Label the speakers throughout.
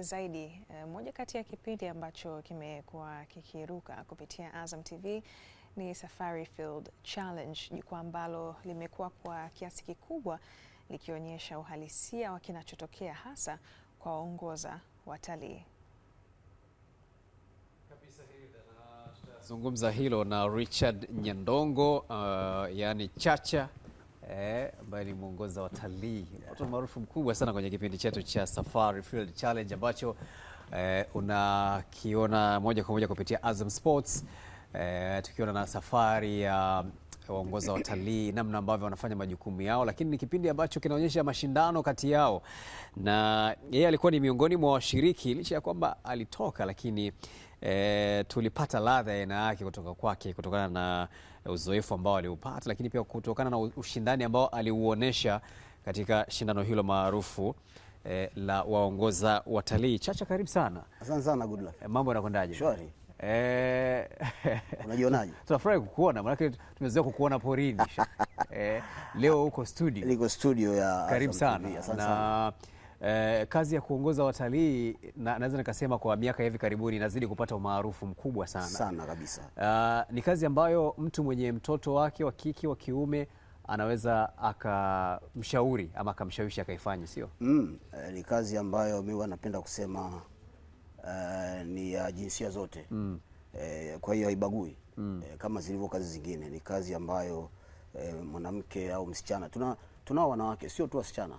Speaker 1: Zaidi eh, moja kati ya kipindi ambacho kimekuwa kikiruka kupitia Azam TV ni Safari Field Challenge, jukwaa ambalo limekuwa kwa kiasi kikubwa likionyesha uhalisia wa kinachotokea hasa kwa waongoza watalii.
Speaker 2: Zungumza hilo na Richard Nyandongo, uh, yani Chacha. Eh, ambaye ni mwongoza watalii watu maarufu mkubwa sana kwenye kipindi chetu cha Safari Field Challenge ambacho eh, unakiona moja kwa moja kupitia Azam Sports eh, tukiona na safari ya uh, waongoza watalii namna ambavyo wanafanya majukumu yao, lakini ni kipindi ambacho kinaonyesha mashindano kati yao, na yeye alikuwa ni miongoni mwa washiriki licha ya kwamba alitoka, lakini e, tulipata ladha ya aina yake kutoka kwake kutokana na uzoefu ambao aliupata, lakini pia kutokana na ushindani ambao aliuonyesha katika shindano hilo maarufu e, la waongoza watalii. Chacha, karibu sana.
Speaker 3: Asante sana, good luck.
Speaker 2: E, mambo yanakwendaje?
Speaker 3: Shwari. E, unajionaje?
Speaker 2: Tunafurahi kukuona maanake tumezoea kukuona porini. E, leo uko studio.
Speaker 3: Niko studio ya
Speaker 2: Karibu sana. Asante sana. Eh, kazi ya kuongoza watalii na, naweza nikasema kwa miaka hivi karibuni inazidi kupata umaarufu mkubwa sana
Speaker 3: sana kabisa.
Speaker 2: Uh, ni kazi ambayo mtu mwenye mtoto wake wa kike wa kiume anaweza akamshauri ama akamshawishi akaifanye, sio?
Speaker 3: Mm, eh, ni kazi ambayo mimi wanapenda kusema uh, ni ya jinsia zote mm. Eh, kwa hiyo haibagui mm. Eh, kama zilivyo kazi zingine, ni kazi ambayo eh, mwanamke au msichana, tunao wanawake sio tu wasichana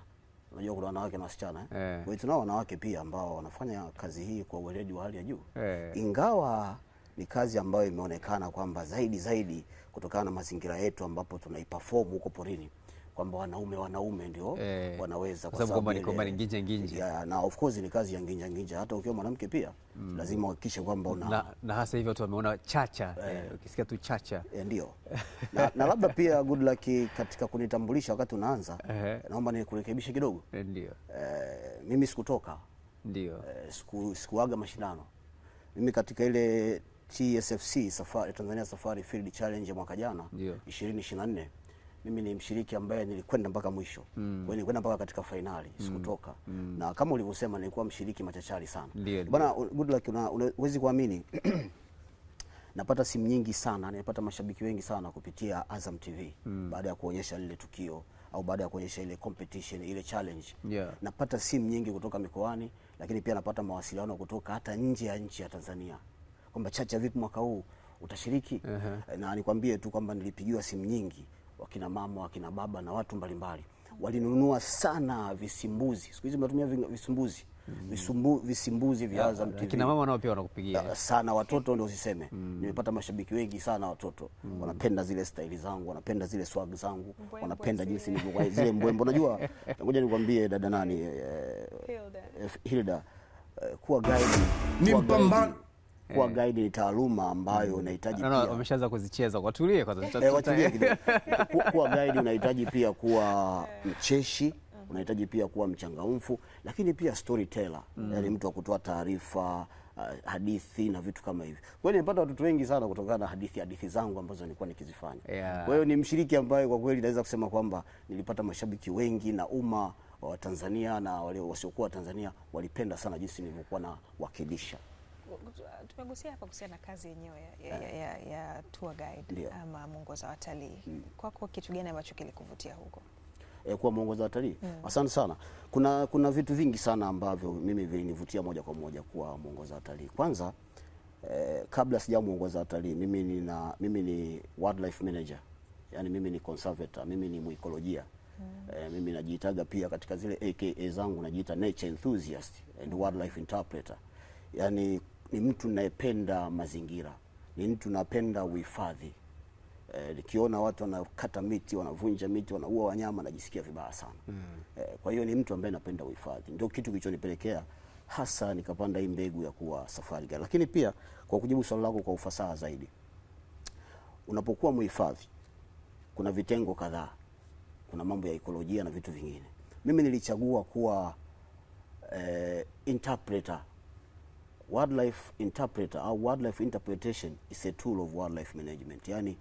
Speaker 3: unajua kuna wanawake na wasichana eh? eh? Kwa hiyo tunao wanawake pia ambao wanafanya kazi hii kwa uweledi wa hali ya juu eh. Ingawa ni kazi ambayo imeonekana kwamba zaidi zaidi kutokana na mazingira yetu ambapo tunaiperform huko porini kwamba wanaume wanaume ndio eh, wanaweza kwa
Speaker 2: sababu ni kombani nginje nginje
Speaker 3: yeah, na of course ni kazi ya nginje nginje. Hata ukiwa mwanamke pia mm, lazima uhakikishe kwamba una na,
Speaker 2: na hasa hivi watu wameona chacha eh, eh, ukisikia tu chacha
Speaker 3: eh, ndio na, na labda pia good luck katika kunitambulisha wakati unaanza eh, naomba nikurekebishe kidogo eh, ndio eh, mimi sikutoka
Speaker 2: ndio eh,
Speaker 3: siku sikuaga mashindano mimi katika ile TSFC safari, Tanzania Safari Field Challenge mwaka jana 2024 ndio mimi ni mshiriki ambaye nilikwenda mpaka mwisho mm. Wewe nilikwenda mpaka katika fainali mm. sikutoka mm. na kama ulivyosema nilikuwa mshiriki machachari sana bwana. Good luck, una uwezi kuamini napata simu nyingi sana, napata mashabiki wengi sana kupitia Azam TV mm. baada ya kuonyesha lile tukio au baada ya kuonyesha ile competition ile challenge yeah. Napata simu nyingi kutoka mikoani, lakini pia napata mawasiliano kutoka hata nje ya nchi ya Tanzania kwamba Chacha, vipi mwaka huu utashiriki? uh -huh. Na nikwambie tu kwamba nilipigiwa simu nyingi wakina mama, wakina baba na watu mbalimbali walinunua sana visimbuzi. Siku hizi mnatumia visimbuzi Mm. Visumbu, visimbuzi vya Azam TV.
Speaker 2: Kina mama nao pia wanakupigia
Speaker 3: sana watoto, ndio usiseme. Mm. Nimepata mashabiki wengi sana watoto. Mm. Wanapenda zile staili zangu, wanapenda zile swag zangu, wanapenda jinsi nilivyo zile mbwembo. Unajua, ngoja nikwambie dada nani, eh, Hilda, eh, Hilda eh, kuwa guide ni mpambano kuwa eh. guide ni taaluma ambayo mm. unahitaji pia.
Speaker 2: Wameshaanza kuzicheza, eh, tutatuta, kwanza,
Speaker 3: watulie kidogo. Kuwa guide unahitaji pia kuwa mcheshi, eh. unahitaji pia kuwa mchangamfu, lakini pia storyteller, mm. yani mtu wa kutoa taarifa ah, hadithi na vitu kama hivi. Kwa hiyo nimepata watoto wengi sana kutokana na hadithi hadithi zangu ambazo nilikuwa nikizifanya. Yeah. Kwa hiyo ni mshiriki ambaye kwa kweli naweza kusema kwamba nilipata mashabiki wengi na umma wa Tanzania na wale wasiokuwa Tanzania walipenda sana jinsi nilivyokuwa na wakilisha
Speaker 1: tumegusia hapa kuhusiana na kazi yenyewe ya, ya, ya, ya ya tour guide yeah. ama mwongoza watalii mm. kwako kitu gani ambacho kilikuvutia huko?
Speaker 3: E, kuwa mwongoza watalii mm. Asante sana. Kuna, kuna vitu vingi sana ambavyo mimi vilinivutia moja kwa moja kuwa mwongoza watalii. Kwanza eh, kabla sija mwongoza watalii mimi nina, mimi ni wildlife manager, yani mimi ni conservator, mimi ni mwikolojia Mm. E, mimi najiitaga pia katika zile AKA zangu najiita nature enthusiast and wildlife interpreter. Yaani ni mtu nayependa mazingira, ni mtu napenda uhifadhi. E, nikiona watu wanakata miti, wanavunja miti, wanaua wanyama najisikia vibaya sana mm. E, kwa hiyo ni mtu ambaye napenda uhifadhi, ndio kitu kilichonipelekea hasa nikapanda hii mbegu ya kuwa Safari gari Lakini pia kwa kujibu swali lako kwa ufasaha zaidi, unapokuwa mhifadhi kuna vitengo kadhaa, kuna mambo ya ikolojia na vitu vingine. Mimi nilichagua kuwa eh, interpreter wildlife interpreter au wildlife interpretation is a tool of wildlife management, yani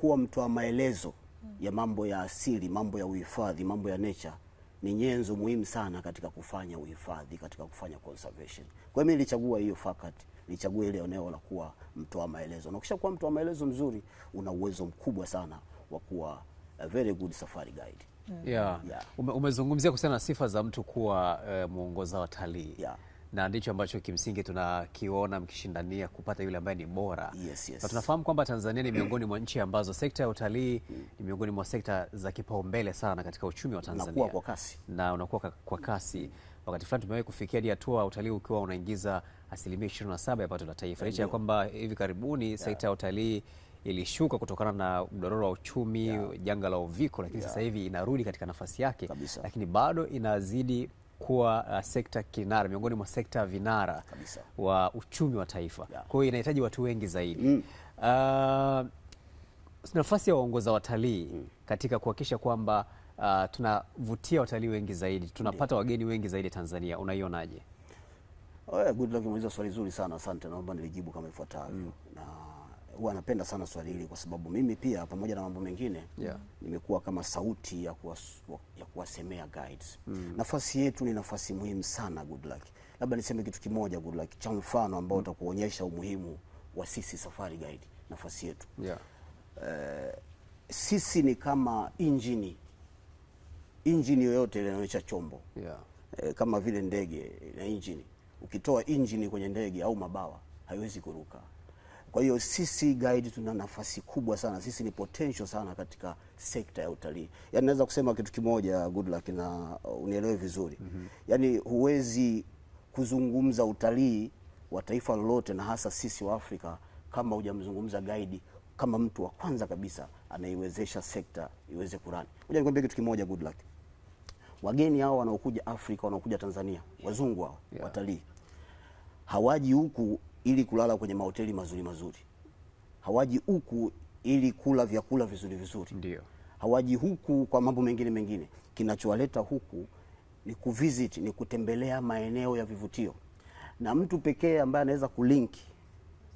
Speaker 3: kuwa mtu wa maelezo ya mambo ya asili, mambo ya uhifadhi, mambo ya nature ni nyenzo muhimu sana katika kufanya uhifadhi, katika kufanya conservation. Kwa hiyo mimi nilichagua hiyo faculty, nilichagua ile eneo la kuwa mtu wa maelezo, na ukisha kuwa mtu wa maelezo mzuri, una uwezo mkubwa sana wa kuwa a very good safari guide.
Speaker 2: Yeah. Yeah. Ume, umezungumzia kuhusiana na sifa za mtu kuwa e, mwongoza watalii. Yeah na ndicho ambacho kimsingi tunakiona mkishindania kupata yule ambaye ni bora. Yes, yes. Na tunafahamu kwamba Tanzania ni miongoni mwa nchi ambazo sekta ya utalii mm. ni miongoni mwa sekta za kipaumbele sana katika uchumi wa Tanzania.
Speaker 3: Unakuwa kwa kasi.
Speaker 2: Na unakuwa kwa kasi. Wakati fulani tumewahi kufikia hadi hatua utalii ukiwa unaingiza asilimia 27 ya pato la taifa, licha ya kwamba hivi karibuni yeah. sekta ya utalii ilishuka kutokana na mdororo wa uchumi yeah. janga la Uviko, lakini yeah. sasa hivi inarudi katika nafasi yake kabisa, lakini bado inazidi kuwa uh, sekta kinara miongoni mwa sekta vinara kabisa wa uchumi wa taifa yeah. Kwa hiyo inahitaji watu wengi zaidi mm. Uh, nafasi ya waongoza watalii mm. katika kuhakikisha kwamba uh, tunavutia watalii wengi zaidi tunapata yeah. wageni wengi zaidi Tanzania, unaionaje?
Speaker 3: Oh, yeah, good luck, umeuliza swali zuri sana asante. Naomba nilijibu kama ifuatavyo mm. na huwa anapenda sana swali hili kwa sababu mimi pia pamoja na mambo mengine yeah. nimekuwa kama sauti ya, kuwas, ya kuwasemea guides mm. nafasi yetu ni nafasi muhimu sana good luck. Labda niseme kitu kimoja good luck cha mfano ambao mm. utakuonyesha mm. umuhimu wa sisi safari guide, nafasi yetu yeah. Uh, sisi ni kama injini injini yoyote inaonyesha chombo yeah. uh, kama vile ndege na injini. Ukitoa injini kwenye ndege au mabawa haiwezi kuruka kwa hiyo sisi guide tuna nafasi kubwa sana, sisi ni potential sana katika sekta ya utalii. Yaani naweza kusema kitu kimoja good luck na uh, unielewe vizuri mm -hmm. Yaani huwezi kuzungumza utalii wa taifa lolote na hasa sisi wa Afrika kama hujamzungumza guide kama mtu wa kwanza kabisa anaiwezesha sekta iweze kurani. Ngoja nikwambie kitu kimoja good luck. Wageni hao wanaokuja Afrika wanaokuja Tanzania, yeah. wazungu hao yeah. watalii hawaji huku ili kulala kwenye mahoteli mazuri mazuri, hawaji huku ili kula vyakula vizuri vizuri, ndio hawaji huku kwa mambo mengine mengine. Kinachowaleta huku ni kuvisit, ni kutembelea maeneo ya vivutio, na mtu pekee ambaye anaweza kulink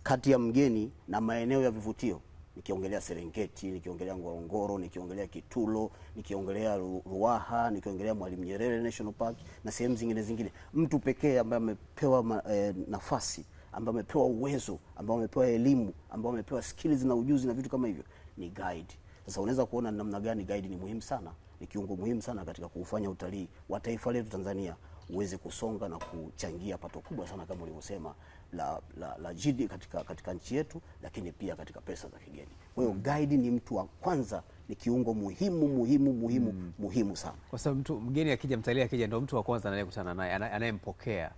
Speaker 3: kati ya mgeni na maeneo ya vivutio nikiongelea Serengeti, nikiongelea Ngorongoro, nikiongelea Kitulo, nikiongelea Ruaha, nikiongelea Mwalimu Nyerere National Park na sehemu zingine zingine, mtu pekee ambaye amepewa eh, nafasi ambaye amepewa uwezo, ambaye amepewa elimu, ambaye amepewa skills na ujuzi na vitu kama hivyo ni guide. Sasa unaweza kuona namna gani guide ni muhimu sana, ni kiungo muhimu sana katika kuufanya utalii wa taifa letu Tanzania uweze kusonga na kuchangia pato kubwa sana kama ulivyosema la, la, la GDP katika, katika nchi yetu, lakini pia katika pesa za kigeni. Kwa hiyo mm. guide ni mtu wa kwanza, ni kiungo muhimu muhimu muhimu mm, muhimu sana,
Speaker 2: kwa sababu mtu mgeni akija, mtalii akija, ndio mtu wa kwanza anayekutana naye, anayempokea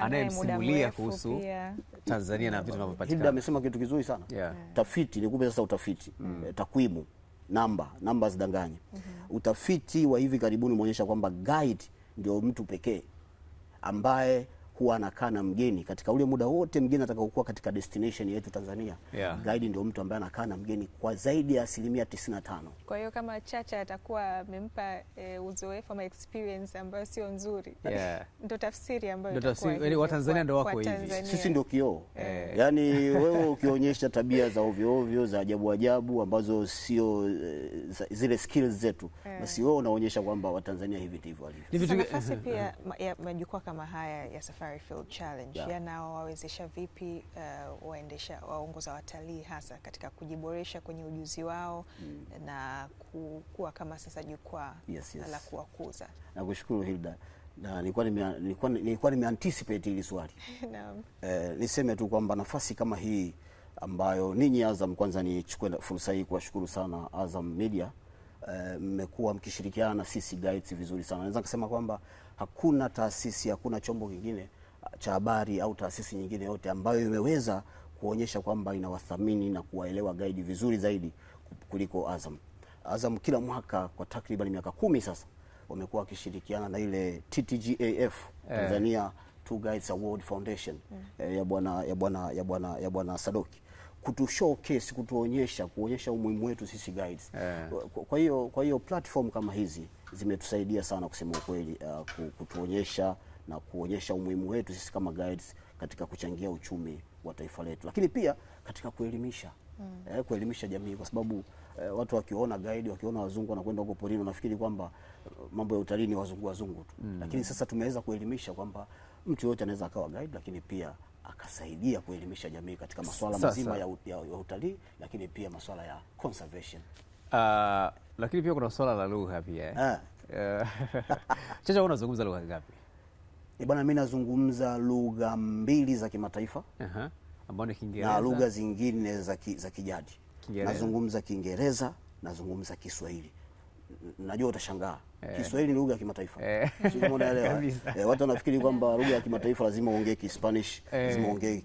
Speaker 2: anayemsimulia kuhusu Tanzania na vitu
Speaker 3: vinavyopatikana. amesema kitu kizuri sana yeah. Tafiti nikupe sasa utafiti mm. Eh, takwimu namba namba zidanganye mm -hmm. Utafiti wa hivi karibuni umeonyesha kwamba guide ndio mtu pekee ambaye huwa anakaa na mgeni katika ule muda wote mgeni atakaokuwa katika destination yetu Tanzania. Yeah. Guide ndio mtu ambaye anakaa na mgeni kwa zaidi ya asilimia 95.
Speaker 1: Kwa hiyo kama Chacha atakuwa amempa e, uzoefu ama experience ambayo sio nzuri. Yeah. Ndio tafsiri ambayo
Speaker 2: ndio tafsiri, Watanzania ndio wako hivi.
Speaker 3: Sisi ndio kioo. Yeah. Yaani wewe ukionyesha tabia za ovyo ovyo za ajabu ajabu ambazo sio eh, zile skills zetu, eh. basi wewe unaonyesha kwamba Watanzania hivi ndivyo
Speaker 1: walivyo. Nafasi pia ya majukwaa kama haya ya safari Farfield Challenge yeah. wawezesha vipi uh, waendesha waongoza watalii hasa katika kujiboresha kwenye ujuzi wao mm. na kuwa kama sasa jukwaa yes, yes. la kuwakuza?
Speaker 3: Nakushukuru Hilda na nilikuwa nime, nilikuwa, nilikuwa nime anticipate hili swali no. Eh, niseme tu kwamba nafasi kama hii ambayo ninyi Azam, kwanza nichukue fursa hii kuwashukuru sana Azam Media eh, mmekuwa eh, mkishirikiana na sisi guides vizuri sana. Naweza kusema kwamba hakuna taasisi, hakuna chombo kingine uh, cha habari au taasisi nyingine yote ambayo imeweza kuonyesha kwamba inawathamini na kuwaelewa gaidi vizuri zaidi kuliko Azam. Azam kila mwaka kwa takriban miaka kumi sasa wamekuwa wakishirikiana na ile TTGAF eh. Tanzania yeah. Two Guides Award Foundation yeah. Mm. ya bwana ya bwana ya bwana ya bwana Sadoki kutu showcase kutuonyesha kuonyesha umuhimu wetu sisi guides yeah. kwa hiyo kwa hiyo platform kama hizi zimetusaidia sana kusema ukweli, uh, kutuonyesha na kuonyesha umuhimu wetu sisi kama guides katika kuchangia uchumi wa taifa letu, lakini pia katika kuelimisha mm. eh, kuelimisha jamii kwa sababu eh, watu wakiona guide, wakiona wazungu wanakwenda huko porini wanafikiri kwamba uh, mambo ya utalii ni wazungu wazungu tu mm. Lakini sasa tumeweza kuelimisha kwamba mtu yote anaweza akawa guide, lakini pia akasaidia kuelimisha jamii katika masuala mazima ya, ya, ya utalii, lakini pia masuala ya conservation
Speaker 2: uh, lakini pia kuna swala la lugha pia. Ah. Eh, Chacha, unazungumza lugha ngapi?
Speaker 3: Eh, bwana, mimi nazungumza lugha mbili za kimataifa ni Kiingereza na lugha zingine za kijadi. Nazungumza Kiingereza, nazungumza Kiswahili. Najua utashangaa eh. Kiswahili ni lugha ya kimataifa eh. Eh, watu wanafikiri kwamba lugha ya kimataifa lazima uongee Kispanish eh. lazima uongee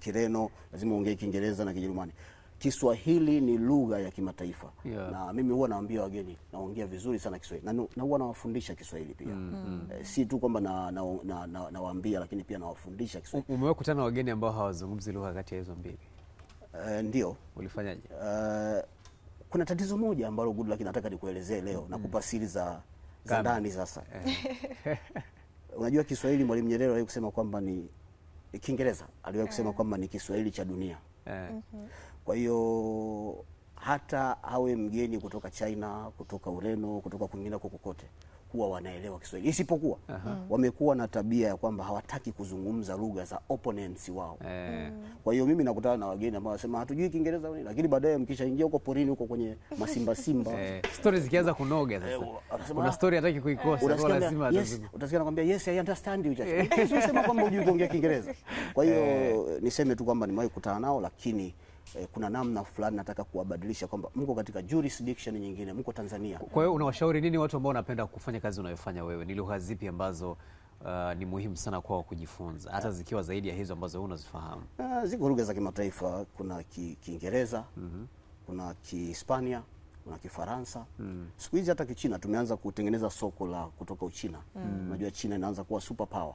Speaker 3: Kireno, lazima uongee Kiingereza na Kijerumani. Kiswahili ni lugha ya kimataifa yeah. Na mimi huwa naambia wageni naongea vizuri sana Kiswahili na, na huwa nawafundisha Kiswahili pia mm -hmm. E, si tu kwamba nawaambia na, na, na, na lakini pia nawafundisha Kiswahili.
Speaker 2: Umewahi na wageni ambao hawazungumzi lugha kati ya hizo mbili? E, ndio. Ulifanyaje? E,
Speaker 3: kuna tatizo moja ambalo Goodluck nataka nikuelezee leo mm -hmm. na kupa siri za ndani sasa eh. Unajua Kiswahili Mwalimu Nyerere aliwahi kusema kwamba ni Kiingereza aliwahi kusema kwamba ni Kiswahili cha dunia eh. mm -hmm. Kwa hiyo hata awe mgeni kutoka China, kutoka Ureno, kutoka kwingine kokokote, huwa wanaelewa Kiswahili isipokuwa uh -huh. Mm. wamekuwa na tabia ya kwamba hawataki kuzungumza lugha za opponents wao eh. Kwa hiyo mimi nakutana na wageni ambao wanasema hatujui Kiingereza nini, lakini baadaye mkishaingia huko porini huko kwenye masimba simba eh,
Speaker 2: story zikianza kunoga eh, sasa kuna story hataki kuikosa kwa lazima yes,
Speaker 3: utasikia anakuambia yes I understand you just eh. Sio sema kwamba hujui kuongea Kiingereza. Kwa hiyo eh, niseme tu kwamba nimewahi kukutana nao lakini eh, kuna namna fulani nataka kuwabadilisha kwamba mko katika jurisdiction nyingine, mko Tanzania. Kwa
Speaker 2: hiyo unawashauri nini watu ambao wanapenda kufanya kazi unayofanya wewe? Ni lugha zipi ambazo Uh, ni muhimu sana kwao kujifunza hata ah. zikiwa zaidi ya hizo ambazo unazifahamu.
Speaker 3: Uh, ziko lugha za kimataifa, kuna Kiingereza ki mm -hmm. kuna Kihispania, kuna Kifaransa mm -hmm. siku hizi hata Kichina tumeanza kutengeneza soko la kutoka Uchina. Mm. Unajua mm -hmm. China inaanza kuwa super power,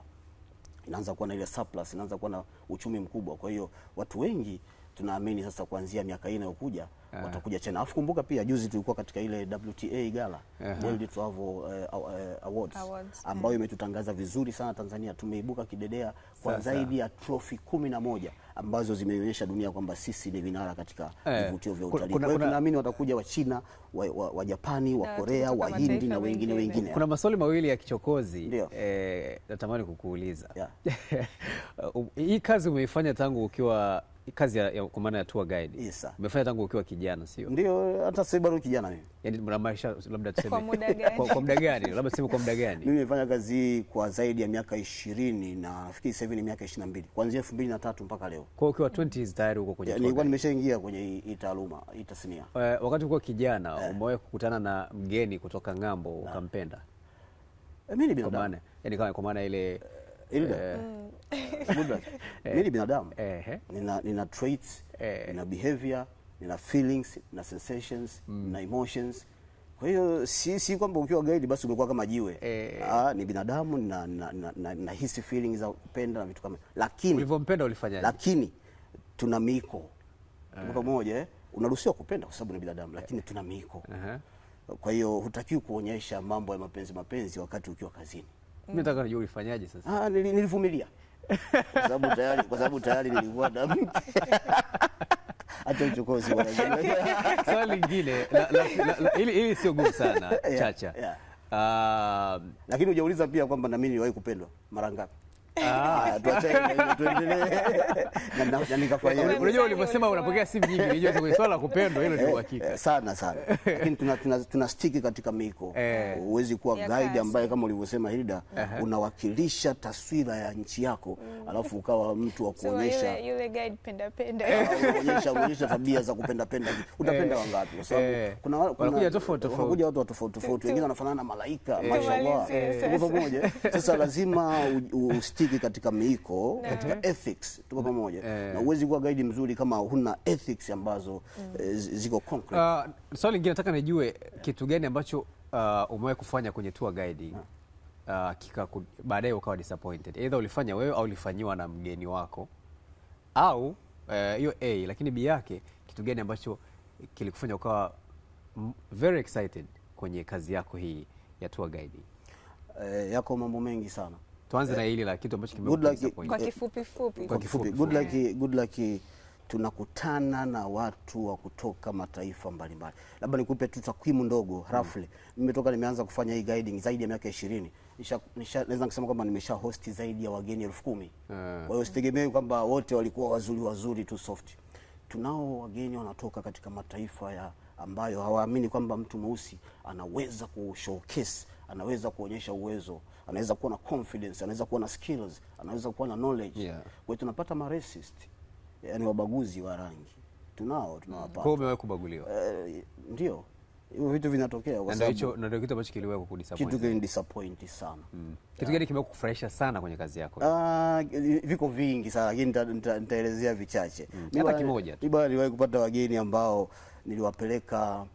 Speaker 3: inaanza kuwa na ile surplus, inaanza kuwa na uchumi mkubwa, kwa hiyo watu wengi tunaamini sasa kuanzia miaka hii inayokuja yeah. watakuja tena. Alafu kumbuka pia juzi tulikuwa katika ile WTA gala -huh. World Travel uh, uh, Awards, Awards ambayo yeah. imetutangaza vizuri sana Tanzania, tumeibuka kidedea kwa sasa. zaidi ya trofi kumi na moja ambazo zimeonyesha dunia kwamba sisi ni vinara katika eh. vivutio yeah. vya utalii. Kwa hiyo tunaamini watakuja wa China, wa, wa, wa Japani, wa yeah, Korea, wa Hindi na wengine wengine.
Speaker 2: Kuna maswali mawili ya kichokozi eh, natamani kukuuliza yeah. hii kazi umeifanya tangu ukiwa kazi ya, ya kwa maana ya tour guide. Yes, sir. Umefanya tangu ukiwa kijana sio?
Speaker 3: Ndio, hata sasa bado kijana mimi.
Speaker 2: Yaani mna maisha labda tuseme kwa
Speaker 1: muda gani? Kwa,
Speaker 2: muda gani? Labda tuseme kwa muda gani?
Speaker 3: Mimi nimefanya kazi kwa zaidi ya miaka 20 na nafikiri sasa hivi ni miaka 22. Kuanzia 2003 mpaka leo.
Speaker 2: Kwa hiyo ukiwa 20s tayari uko kwenye.
Speaker 3: Nilikuwa nimeshaingia kwenye hii taaluma, hii tasnia.
Speaker 2: Uh, wakati ukiwa kijana eh, umewahi kukutana na mgeni kutoka ng'ambo ukampenda?
Speaker 3: Eh, mimi ni binadamu.
Speaker 2: Yaani kwa maana ile Hilda.
Speaker 3: Ilda, eh. eh. eh. mimi ni binadamu Ehe. nina, nina traits nina behavior nina feelings na sensations mm. na emotions. Kwa hiyo si, si kwamba ukiwa guide basi umekuwa kama jiwe Ah, ni binadamu na, na, na, hisi feelings za kupenda na vitu kama lakini,
Speaker 2: ulivyompenda ulifanyaje?
Speaker 3: Lakini tuna miiko eh. Pamoja eh, unaruhusiwa kupenda kwa sababu ni binadamu, lakini tuna miiko Kwa hiyo hutakiwi kuonyesha mambo ya mapenzi mapenzi wakati ukiwa kazini
Speaker 2: nataka nijua ulifanyaje
Speaker 3: sasa. Ah, nilivumilia kwa sababu tayari kwa sababu tayari nilikuwa na mke hata uchokozi.
Speaker 2: Swali lingine ili sio gumu sana Chacha, yeah, yeah.
Speaker 3: Uh, lakini hujauliza pia kwamba na mimi niliwahi kupendwa mara ngapi?
Speaker 2: Unajua ulivyosema unapokea simu nyingi, unajua swala la kupendwa hilo ni uhakika
Speaker 3: eh, sana sana, lakini tuna, tuna, tuna stiki katika miko eh. huwezi kuwa guide ambaye kama ulivyosema Hilda unawakilisha taswira ya nchi yako mm. alafu ukawa mtu wa kuonyesha
Speaker 1: yule guide penda penda,
Speaker 3: kuonyesha ah, tabia za kupenda penda. Utapenda eh. wangapi? Kwa
Speaker 2: sababu kuna tofauti tofauti,
Speaker 3: watu tofauti tofauti, wengine wanafanana na malaika, mashallah, pamoja. Sasa lazima ustiki kushiriki katika miiko no. katika ethics tuko pamoja eh. na uwezi kuwa guide mzuri kama huna ethics ambazo mm. Eh, ziko concrete. Uh,
Speaker 2: swali lingine nataka nijue kitu gani ambacho uh, umewahi kufanya kwenye tour guiding ah. kika baadaye ukawa disappointed, either ulifanya wewe au ulifanyiwa na mgeni wako au eh, hiyo uh, A, lakini B yake kitu gani ambacho kilikufanya ukawa very excited kwenye kazi yako hii ya tour guiding?
Speaker 3: Uh, yako mambo mengi sana
Speaker 2: tuanze eh, na hili la kitu ambacho
Speaker 1: kwa kifupi fupi.
Speaker 3: Kwa kifupi, good luck, good luck tunakutana na watu wa kutoka mataifa mbalimbali. Labda nikupe tu takwimu ndogo mm. roughly. Mm. toka nimeanza kufanya hii guiding zaidi ya miaka 20, naweza kusema kwamba nimesha hosti zaidi ya wageni elfu kumi. Eh. Kwa hiyo sitegemei kwamba wote walikuwa wazuri wazuri tu soft. Tunao wageni wanatoka katika mataifa ya ambayo hawaamini kwamba mtu mweusi anaweza kushowcase anaweza kuonyesha uwezo, anaweza kuwa na confidence, anaweza kuwa na skills, anaweza kuwa na knowledge yeah. Kwa hiyo tunapata ma racist, yani wabaguzi wa rangi tunao, tunawapata.
Speaker 2: Kwa hiyo umewahi kubaguliwa? Uh,
Speaker 3: ndio hivyo vitu vinatokea kwa sababu hicho
Speaker 2: ndio kitu ambacho kiliwahi kukudisappoint.
Speaker 3: Kitu kile disappoint sana. Mm.
Speaker 2: Kitu gani kimekufurahisha sana kwenye kazi yako?
Speaker 3: Ah, viko vingi sana lakini nitaelezea vichache.
Speaker 2: Mm. Hata kimoja
Speaker 3: tu. Niliwahi kupata wageni ambao niliwapeleka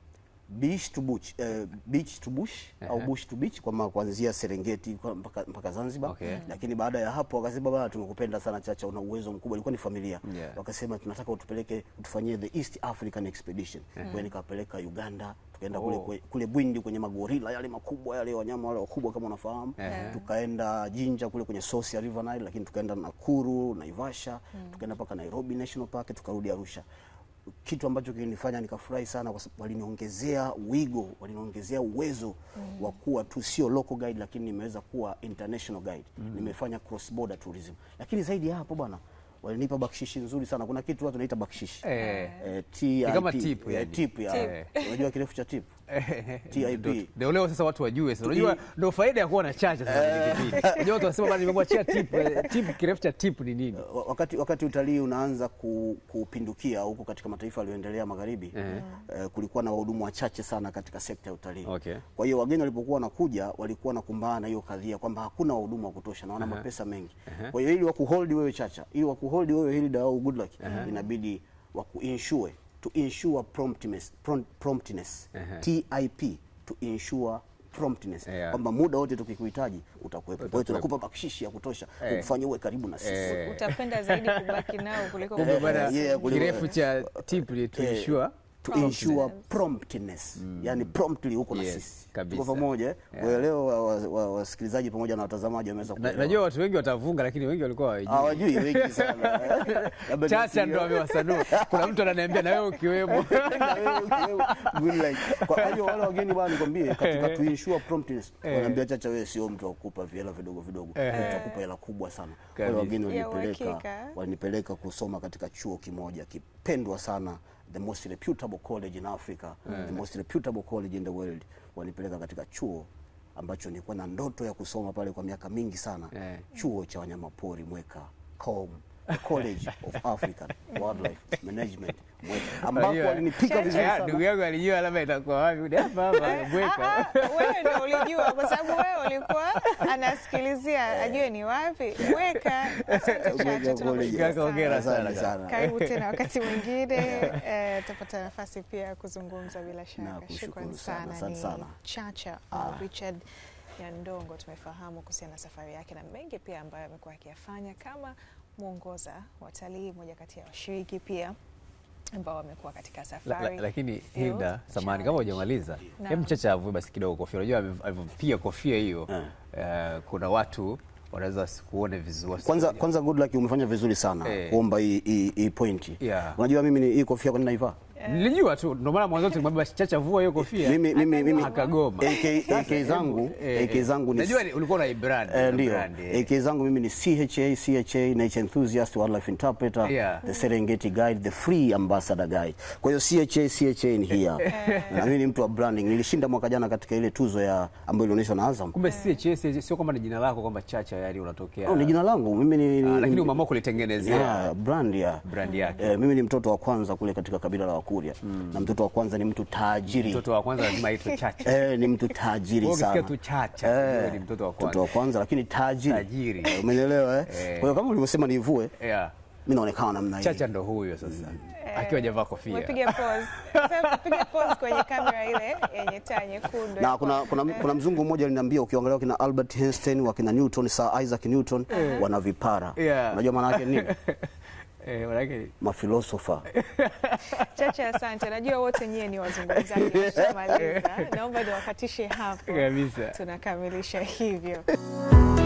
Speaker 3: beach to beach, uh, eh, beach to bush uh -huh. au bush to beach kwamba kuanzia Serengeti mpaka, mpaka Zanzibar okay. Mm-hmm. Lakini baada ya hapo wakasema bwana, tumekupenda sana Chacha, una uwezo mkubwa, ilikuwa ni familia yeah. Wakasema tunataka utupeleke utufanyie the East African Expedition uh -huh. Kwa nikapeleka Uganda tukaenda oh. kule, kule Bwindi kwenye magorila yale makubwa yale wanyama wale wakubwa kama unafahamu uh -huh. Tukaenda Jinja kule kwenye source ya River Nile, lakini tukaenda Nakuru, Naivasha uh mm. -huh. Tukaenda paka Nairobi National Park tukarudi Arusha kitu ambacho kilinifanya nikafurahi sana, waliniongezea wigo, waliniongezea uwezo mm. wa kuwa tu sio local guide, lakini nimeweza kuwa international guide mm. nimefanya cross border tourism, lakini zaidi ya hapo bwana walinipa bakshishi nzuri sana. Kuna kitu watu wanaita bakshishi eh, eh, tip, eh, yani. tip, unajua kirefu cha tip TIP.
Speaker 2: Ndio leo sasa watu wajue sasa. Unajua ndio faida ya kuwa na chacha sasa eh. Unajua watu wanasema bana nimekuachia tip, eh, tip kirefu cha tip ni nini?
Speaker 3: Uh, wakati wakati utalii unaanza kupindukia huko katika mataifa yaliyoendelea magharibi, uh, kulikuwa na wahudumu wachache sana katika sekta ya utalii. Okay. Kwa hiyo wageni walipokuwa wanakuja walikuwa nakumbana na hiyo kadhia kwamba hakuna wahudumu wa kutosha na wana mapesa mengi. Kwa hiyo ili wakuhold wewe chacha, ili wakuhold wewe hili au good luck inabidi wakuinsure to ensure promptness, promptness. TIP to ensure promptness yeah. Kwamba muda wote tukikuhitaji utakuwepo. Kwa hiyo tunakupa bakshishi ya kutosha hey. Kufanya uwe karibu na sisi hey.
Speaker 1: Utapenda zaidi kubaki nao
Speaker 2: kuliko kirefu cha tip to ensure
Speaker 3: to promptness. ensure promptness mm. Yani promptly huko na yes, sisi kwa pamoja yeah. Uelewa wa wasikilizaji wa, wa pamoja na watazamaji wameweza
Speaker 2: kuona Najua na watu wengi watavunga, lakini wengi walikuwa hawajui,
Speaker 3: hawajui wengi sana
Speaker 2: chacha ndo amewasanua. Kuna mtu ananiambia na wewe ukiwemo,
Speaker 3: good like kwa hiyo wale wageni bwana, nikwambie eh. katika to ensure promptness eh. wanaambia chacha, wewe sio mtu wa kukupa vihela vidogo vidogo, utakupa eh. hela kubwa sana. Wale wageni walinipeleka walinipeleka kusoma katika chuo kimoja kipendwa sana the most reputable college in Africa mm. the most reputable college in the world, wanipeleka katika chuo ambacho nilikuwa na ndoto ya kusoma pale kwa miaka mingi sana yeah. Chuo cha wanyamapori Mweka COAM College of African Wildlife Management ambapo vizuri
Speaker 2: ah, sana. Ndugu yangu alijua labda itakuwa wapi. Ah, ah,
Speaker 1: wewe ndio ulijua, kwa sababu wewe ulikuwa anasikilizia ajue ni wapi Mweka. Hongera sana, karibu tena wakati mwingine, eh, tutapata nafasi pia ya kuzungumza bila shaka.
Speaker 3: Shukrani sana,
Speaker 1: ni Chacha Richard Nyandongo, tumefahamu kuhusiana na safari yake na mengi pia ambayo amekuwa akiyafanya kama mwongoza watalii, mmoja kati ya washiriki pia ambao wamekuwa katika safari. La,
Speaker 2: la, lakini Hilda, samahani kama hujamaliza, hebu mchache avue basi kidogo kofia. Unajua alivyopiga kofia hiyo Uh, kuna watu wanaweza sikuone vizuri.
Speaker 3: Kwanza kwanza, good luck, umefanya vizuri sana eh. kuomba hii hii pointi. Unajua mimi hii kofia kwa nini naivaa?
Speaker 2: Eh. Nilijua tu ndio maana mwanzo tulimwambia chacha vua hiyo kofia.
Speaker 3: Mimi mimi mimi akagoma. AK zangu eh, AK zangu
Speaker 2: ni eh, Najua ulikuwa na brand.
Speaker 3: Ndio. AK zangu mimi ni CHA CHA Nature Enthusiast Wildlife Interpreter, the Serengeti Guide, the Free Ambassador Guide. Kwa hiyo CHA CHA ni here. Na mimi ni mtu wa branding. Nilishinda mwaka jana katika ile tuzo ya ambayo ilionyeshwa na Azam.
Speaker 2: Kumbe CHA CHA sio kwamba ni jina lako kwamba chacha yani unatokea.
Speaker 3: Oh, ni jina langu. Mimi ni
Speaker 2: ah, lakini umeamua kulitengenezea
Speaker 3: brand ya
Speaker 2: brand yake.
Speaker 3: Mimi ni mtoto wa kwanza kule katika kabila la Kuria mm. na mtoto wa kwanza ni mtu tajiri.
Speaker 2: Mtoto wa kwanza lazima aitwe Chacha.
Speaker 3: Eh, ni mtu tajiri sana. Ukisikia
Speaker 2: tu Chacha eh, ni mtoto wa kwanza.
Speaker 3: Mtoto wa kwanza lakini tajiri. Tajiri. Eh, umeelewa eh? eh? Kwa hiyo kama ulivyosema nivue. Yeah. Mimi naonekana namna
Speaker 2: hiyo. Chacha ndo huyo sasa. Mm. Akiwa hajavaa eh, kofia.
Speaker 1: Mpige pause. Sasa mpige pause kwenye kamera ile yenye taa nyekundu.
Speaker 3: Na kuna kuna, kuna mzungu mmoja aliniambia ukiangalia kina Albert Einstein, wakina Newton, Sir Isaac Newton uh wana vipara. Unajua maana yake nini? Eh, mafilosofa
Speaker 1: Chacha, asante. Najua wote nyie ni wazungumzaji, nishamaliza. Naomba niwakatishe hapo kabisa, tunakamilisha hivyo.